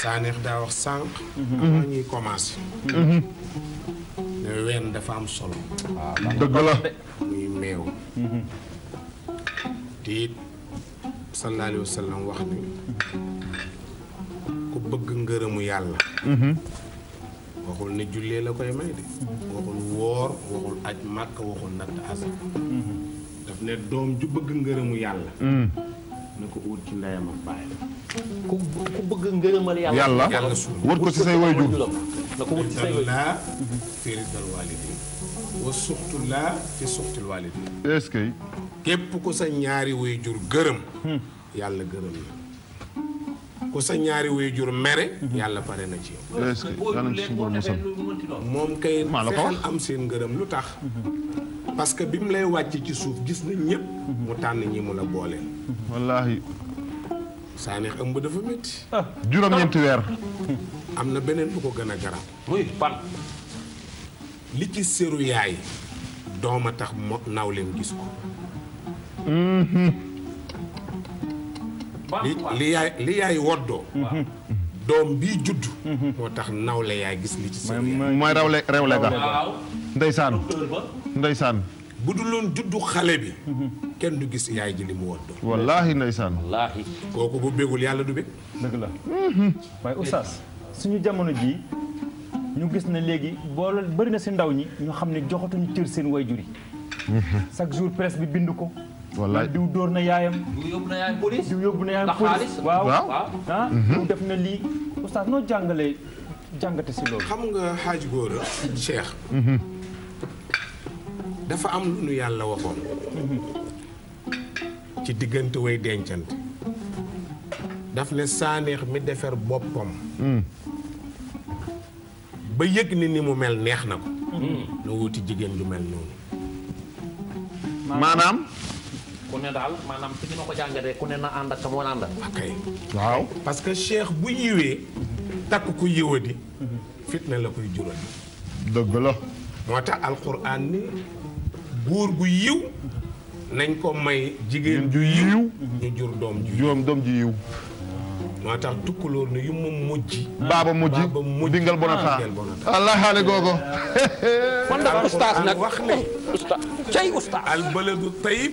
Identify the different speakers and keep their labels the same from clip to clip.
Speaker 1: Sanex daa wax sànq. Mhm. avant ñuy commencé. ne mhm. ween dafa am solo. dëgg la muy meew. Mhm. te it sallallahu wax ni ku bëgg ngërëmu yàlla. waxul ne jullee la koy may de. waxul woor waxul aj màkk waxul natt asaka. daf ne doom ju bëgg ngërëmu yàlla. na ko ut ci ndeyam ak baayam ku ku bëgg ngërëmal yàlla yàlla wër ko ci say waajur na ko wër ci say waajur fi ridal waalidin wa suxtu laa fi suxtil waalidin est képp ku sa ñaari waajur gërëm hmm. yàlla gërëm la ku sa ñaari waajur mere. Mhm. yàlla pare na ci yow. est-ce moom kay. maa la ko am seen ngërëm lu tax. Mhm. parce que bi mu lay wàcc ci suuf gis na ñëpp. Mhm. mu tànn ñi mu la booleel. wallaahi. Sanex ëmb dafa métti. Ah, juróom-ñeenti weer. am na beneen bu ko gën a garab. muy ban. li ci seru yaay. dooma tax mo nawleem gis ko. li li yaay li yaay woddoo. Mm-hmm. Mm-hmm. doom bii judd. Mm-hmm. moo tax nawle yaay gis li ci seen mooy rawle rewle ga ndeysaan ndeysaan bu dul loon juddu xale bi. kenn du gis yaay ji li mu woddoo. wallaahi ndeysaan. wallaahi. kooku bu bégul yàlla du bég. dëgg la.
Speaker 2: waaye suñu jamono jii ñu gis ne léegi boole bari na si ndaw ñi ñu xam ne joxatuñu cër seen way yi. chaque jour presse bi bind ko. wallaay diw dóor na yaayam. diw yóbbu na yaayam police diw ah, mhm.
Speaker 1: def na lii oustaz noo jàngalee jàngate si loolu. xam nga xaaj góor Cheikh. Mhm. dafa am lu nu yàlla waxoon. Mhm. ci diggante way dencante. daf ne saaneex mi defar boppam. ba yëg ni ni mu mel neex na ko. na wuti jigéen ju mel noonu. maanaam.
Speaker 2: ku ne daal maanaam ci ni ma ko jàngatee ku ne na ànd ak ka mu ànd ok
Speaker 1: waaw parce que cheikh bu yiwee takk ku yiwadi fitna la koy jural dëgg la moo tax alquran ni buur gu yiw nañ ko may jigéen bonata allah xaale googo kon dafa ustaas nag wax ne al baladu tayib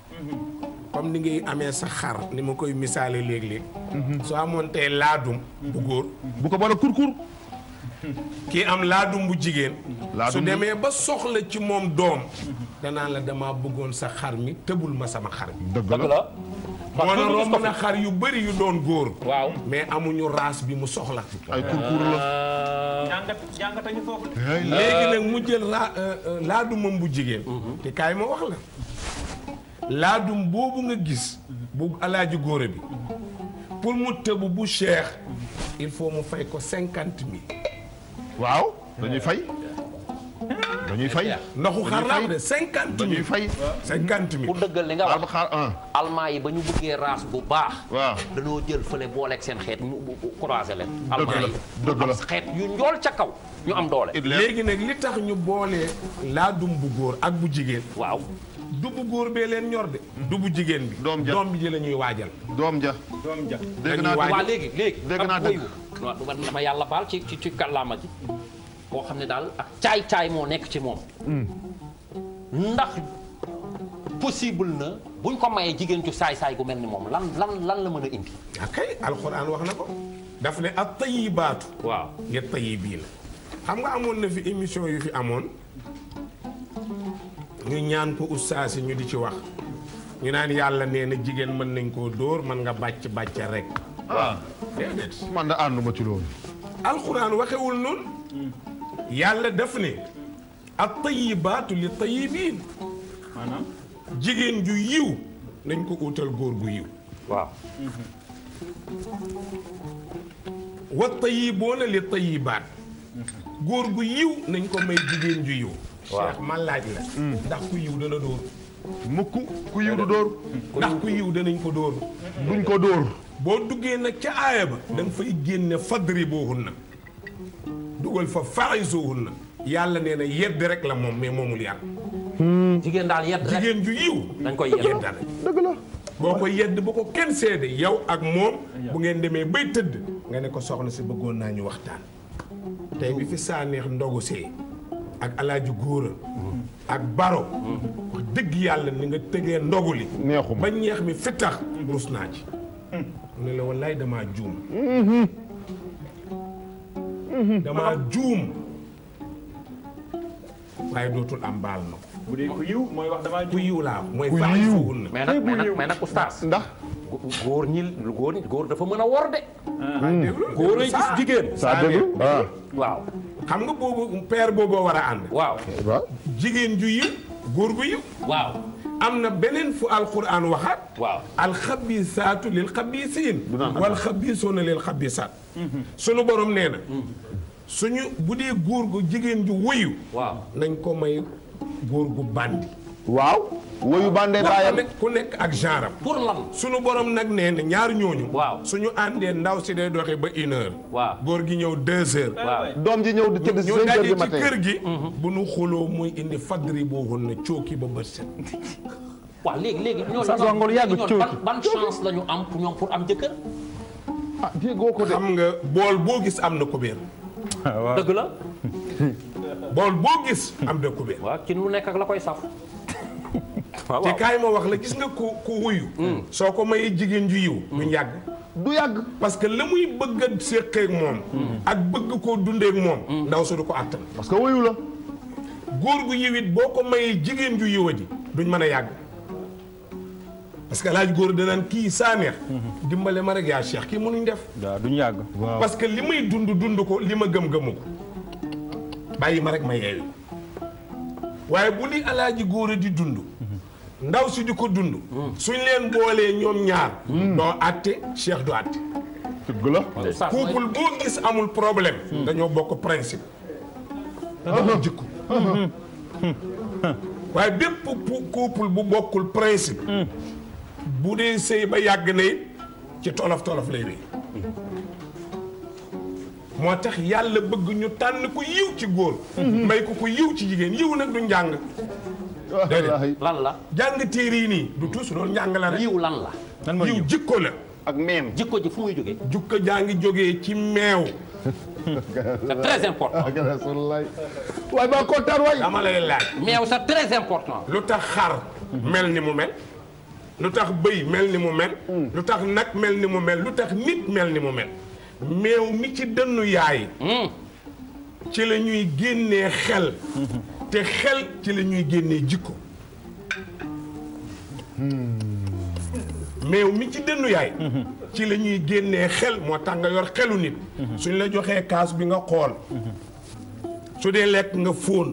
Speaker 1: comme ni ngay amee sa xar ni ma koy misaale léeg-léeg soo amoon tey laadum bu góor bu ko boole kurkur kii am laadum bu jigéen su demee ba soxla ci moom doom danaan la dama bëggoon sa xar mi tëbul ma sama xar mi dëgg la moo na romb na xar yu bari yu doon góor waaw mais amuñu race bi mu soxla la euh,
Speaker 2: jàngat jàngatañu foofu
Speaker 1: léegi nag mu jël euh, euh, laadumam bu jigéen mhm. te kaay ma wax la laadum boobu nga gis bu alaaji góore bi pour mu tëb bu cheikh il faut mu fay ko cinquante mille waaw dañuy fay dañuy fay ndoxu xar laa de cinquante mille dañuy fay cinquante mille. pour dëggal li nga wax xar un. allemand yi
Speaker 2: ba ñu bëggee race bu baax. waaw dañoo jël fële booleeg seen xeet bu croisé leen. allemand
Speaker 1: yi dëgg la xeet yu njool ca kaw ñu am doole. léegi nag li tax ñu boolee laadum bu góor ak bu jigéen. waaw du góor bee leen ñor de. du jigéen bi. doom ja doom ji la ñuy waajal. doom ja doom ja. dégg naa waa léegi léegi. dégg naa dégg
Speaker 2: waaw dama yàlla baal ci ci ci kàllaama ji koo xam ne daal ak caay-caay moo nekk ci moom. Hmm. ndax possible na buñ ko mayee jigéen cu saay-saay
Speaker 1: gu mel ni moom lan lan lan la mën a indi. ok alxuraan wax na ko. daf ne at baatu waaw bii la xam nga amoon na fi émission yu fi amoon. ñu ñaan ko ustaas ñu di ci wax. ñu naan yàlla nee na jigéen mën nañ koo dóor mën nga bàcc bàcc rek. ah man da ànduma ci loolu. alxuraan waxewul noonu. Hmm. yàlla def ne ak tayibaatu li tayibiin jigéen ju yiw nañ ko utal góor gu yiw waaw mm-hmm. wa tayiboona li tayibaat mm-hmm. góor gu yiw nañ ko may jigéen ju yiw Cheikh ma laaj la mm. ndax ku yiw dana dóor mukk ku yiw du dóor mm. ndax ku yiw danañ ko dóor mm. duñ ko dóor boo duggee nag ca aaya ba da fay génne fadri boohun na dugal fa farisuhun na yàlla nee na yedd rek la moom mais moomul yàlla. Hmm. jigéen daal yedd rek ju yiw. dañ koy yedd daal boo ko yedd bu ko kenn seede yow ak moom bu ngeen demee bay tëdd nga ne ko soxna si bëggoon naa ñu waxtaan tey bi fi saaneex ndogu see ak alaaji góora ak baro wax dëgg yàlla ni nga tëgee ndogu li ba ñeex mi fi tax naa ci hmm. ne la wallaay damaa juum hmm. damaa juum waaye dootul am baal na bu dee mooy wax damaa juum ku yiw laa mooy baal yiw mais nag mais nag oustaz ndax góor ñi góor góor dafa mën a wor de ah, hmm. góor ay gis jigéen saa déglu ah. waaw xam nga boobu père booboo war a ànd waaw jigéen ju yiw góor am na beneen fu alquran waxaat waaw alxabisaatu lil xabisiin wal xabisuuna lil xabisaat hmm. sunu borom nee na hmm. suñu bu dee góor gu jigéen ju wëyu waaw nañ ko may góor gu bandi waaw wëyu bandee baayam ku nekk ak genre am pour lan suñu borom nag nee na ñaar ñooñu waaw suñu àndee ndaw si day doxee ba une heure waaw góor gi ñëw deux heures waaw doom ji ñëw di tëdd cinq heures du matin ci kër gi mhm. bu nu xuloo muy indi fadri boo woon na cooki ba bët set waaw léegi léegi ñooñu ban chance la ñu am pour ñoom pour am jëkkër ah jéegoo ko de xam nga bool boo gis am na ko biir Ah, dëgg la. bool boo gis am na kubéer. waaw ci lu nekk ak la koy saf. waaw te kaay ma wax la gis nga ku ku wuyu. Hmm. soo ko mayee jigéen ju yiw du hmm. yàgg. du yàgg parce que la muy bëgg a séqee ak moom. Hmm. ak bëgg koo dundee ak moom. ndaw su du ko àttan. parce que wuyu la. góor gu yiw it boo ko mayee jigéen ju yiwa ji duñ mën a yàgg. parce que laaj góor danaan kii saa neex dimbale ma rek yaa Cheikh kii mënuñ def. waaw duñ yàgg. parce que li may dund dund ko li ma gëm gëmu ko bàyyi ma rek ma yeeyu waaye bu li alaaji góor di dund. ndaw si di ko dund. suñ leen boolee ñoom ñaar. Mm. doo àtte Cheikh du àtte. dëgg boo gis amul problème. Mm. dañoo bokk principe. Ah, ah. dañoo jikko. Mm-hmm. waaye bépp couple bu bokkul principe. Mm. bu dee sëy ba yàgg na it ci tolof tolof lay wéy moo tax yàlla bëgg ñu tànn ko yiw ci góor may ko ku yiw ci jigéen yiw nag du njàng lan la jàng téere yi nii du tuus loolu njàng la rek yiw lan la yiw jikko la ak meem jikko ji fu muy jógee jukko jaa ngi jógee ci meew c'est très important waaye ba kontaan waay dama lay meew c'est très important lu tax xar mel ni mu mel lu tax bëy mel ni mu mel mm. lu tax nag mel ni mu mel lu tax nit mel ni mu mel meew mi ci dënnu yaay mm. ci la ñuy génnee xel te xel ci la ñuy génnee jikko mi ci dënnu yaay la ñuy génnee xel moo tax nga yor xelu nit suñ la joxee kaas bi nga xool su dee lekk nga fóon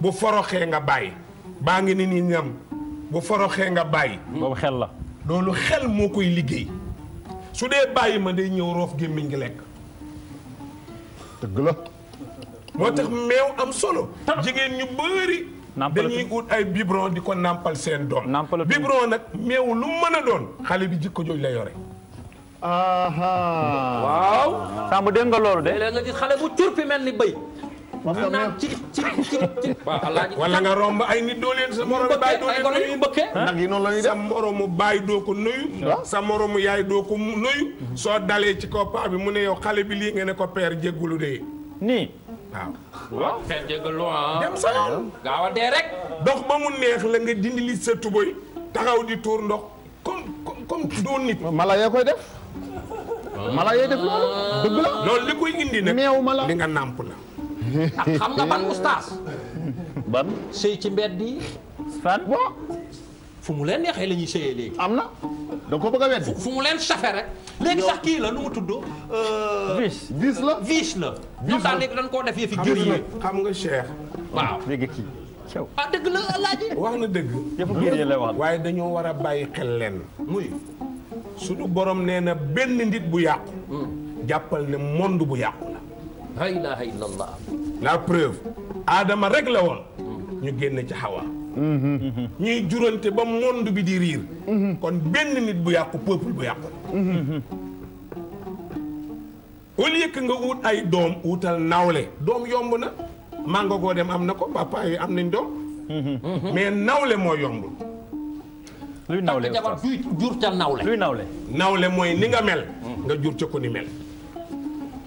Speaker 1: bu foroxee nga bàyyi baa ngi ni ni ñam bu foroxee nga bàyyi. boobu xel la. loolu xel moo koy liggéey su dee bàyyi ma day ñëw roof gémmiñ gi lekk. dëgg la. moo tax meew am solo. jigéen ñu bëri. dañuy ut ay biberon di ko nàmpal seen doom. nàmpal biberon nag meew lu mën a doon. xale bi jikko jooju la yore.
Speaker 2: waaw. Samb
Speaker 1: dégg nga loolu de. léeg nga gis xale bu turpi mel ni bëy. mu naan ci nga romb ay nit doo leen sa moromu baay doo yi noonu la ñuy def sa baay doo ko nuyu. sa moromu yaay doo ko nuyu. Mhm. soo dalee ci ko bi mu ne yow xale bi lii nga ne ko père jéggulu de. nii.
Speaker 2: waaw. Ah. dem sa yoon.
Speaker 1: gaaw a dee rek. dox ba mu neex la nga dindi sa tubóy taxaw di tuur ndox comme comme doo nit. mala yaa koy def.
Speaker 2: mala yee def loolu dëgg la.
Speaker 1: loolu li koy indi nag. li nga nàmp la. ak ah, xam nga ban oustaz.
Speaker 2: ban sëy ci mbedd yi. fan waaw. fu mu leen neexee la ñuy sëyee léegi. am na da ko bëgg fu mu leen safee rek. léegi sax kii la nu tudd. vice
Speaker 1: euh, vice la vice la. vice koo def yëfi gër nga Cheikh. waaw léegi kii. Ah, dëgg la wax na dëgg. yëfu waaye dañoo war a bàyyi xel leen. muy suñu borom nee na benn nit bu yàqu. Mm. jàppal ne monde bu yàqu la. la ilaha illallah. la preuve aadama rek la woon ñu génn ci xawa ñuy jurante ba monde bi di riir kon benn nit bu yàqu peuple bu yàqu au lieu nga ut ay doom utal nawle doom yomb na mango goo dem am na ko papa am nañ doom mais nawle moo yombul luy nawle jabar ca nawle luy nawle nawle mooy ni nga mel nga jur ca ko ni mel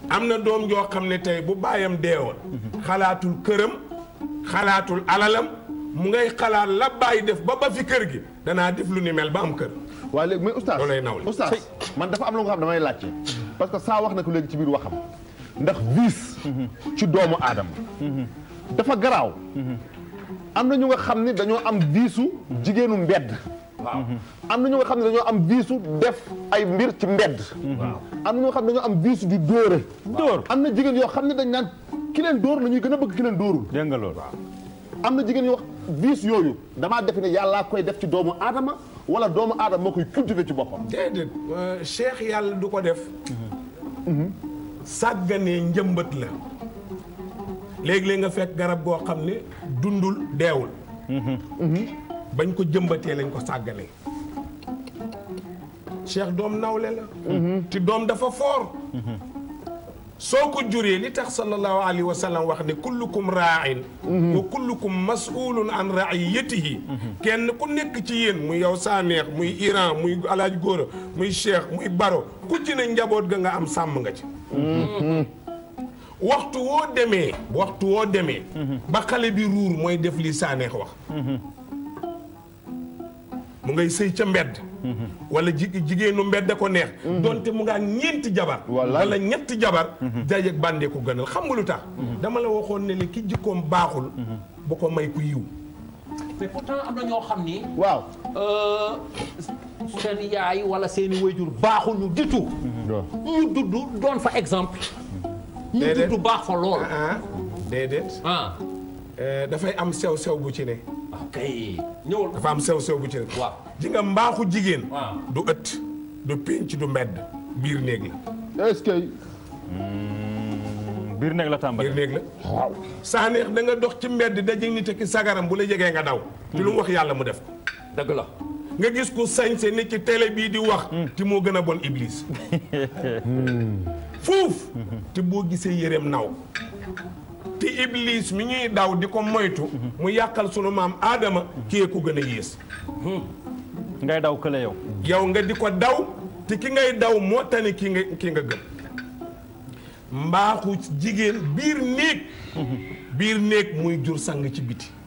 Speaker 1: am na doom joo xam ne tey bu baayam deewoon xalaatul këram xalaatul alalam mu ngay xalaat la bàyyi def ba ba fi kër gi danaa def lu ni mel ba am kër waaye léegi mais oustaz loolay naw oustaz man dafa am lu nga xam damay laajte parce que saa wax na ko léegi ci biir waxam ndax vice ci doomu aadama dafa garaaw am na ñu nga xam ne dañoo am viisu jigéenu mbedd am na ñu
Speaker 2: xam ne dañoo am viisu def ay mbir ci mbedd am na ñu xam ne dañoo am viisu di dóore dóor am na jigéen yoo xam ne dañ naan ki dóor la ñuy gën a bëgg ki leen dóorul dégg nga
Speaker 1: am na jigéen yoo wax viis yooyu damaa def ne yàllaa koy def ci doomu aadama wala doomu aadama moo koy cultiver ci boppam déedéet euh, cheikh yàlla du ko def mhm. sàgganee njëmbat la léegi-léeg nga fekk garab goo xam ne dundul deewul mhm. Mhm. bañ ko jëmbatee lañ ko sàgganee Cheikh doom nawle la mhm. te doom dafa foor mhm. soo ko juree li tax sallallahu alayhi wa sallam wax ne kullukum raa'in mhm. wa kullukum mas'ulun an ra'iyatihi kenn ku nekk ci yéen muy yow Saneex muy Iran muy alaaj Góora muy Cheikh muy Baro ku ci njaboot ga nga am sàmm nga ci waxtu woo demee waxtu woo demee ba xale bi ruur mooy def li Saneex wax mu ngay sëy ca mbedd wala ji jigéenu mbedd ko neex donte mu ngaa ñeenti jabar wala ñetti jabar jaay ak bàndee ko gënal xam nga lu tax dama la waxoon ne ne ki jikkoom baaxul ko may ku yiw
Speaker 2: am na ñoo xam ni waaw euh, seen yaay wala seen i wayjur baaxul ñu ditu ñu dudd doon fa exemple
Speaker 1: ñu dudd baax fa lool ah, ah. Ah. Euh, dafay am sew sew bu ci ne kay dafa am sew sew bu ci rek. ji nga mbaaxu jigéen. du ëtt du pénc du mbedd biir néeg la. est-ce hmm, néeg la tàmbali biir dox ci mbedd daje nit ak sagaram bu la jegee nga daw. ci lu wax yàlla mu def ko. dëgg la. nga gis ko sañ sañse nit ci télé bii di wax. Hmm. ti moo gën a bon iblis. Hmm. fuuf. te boo gisee yërem naw. te iblis mi ñuy daw di ko moytu mu yàqal sunu maam aadama kii ko gën a yées hmm. ngay daw kële yow yow nga di ko daw te ki ngay daw moo tane ki nga ki nga gëm mbaaxu jigéen biir néeg hmm. biir néeg muy jur sang ci biti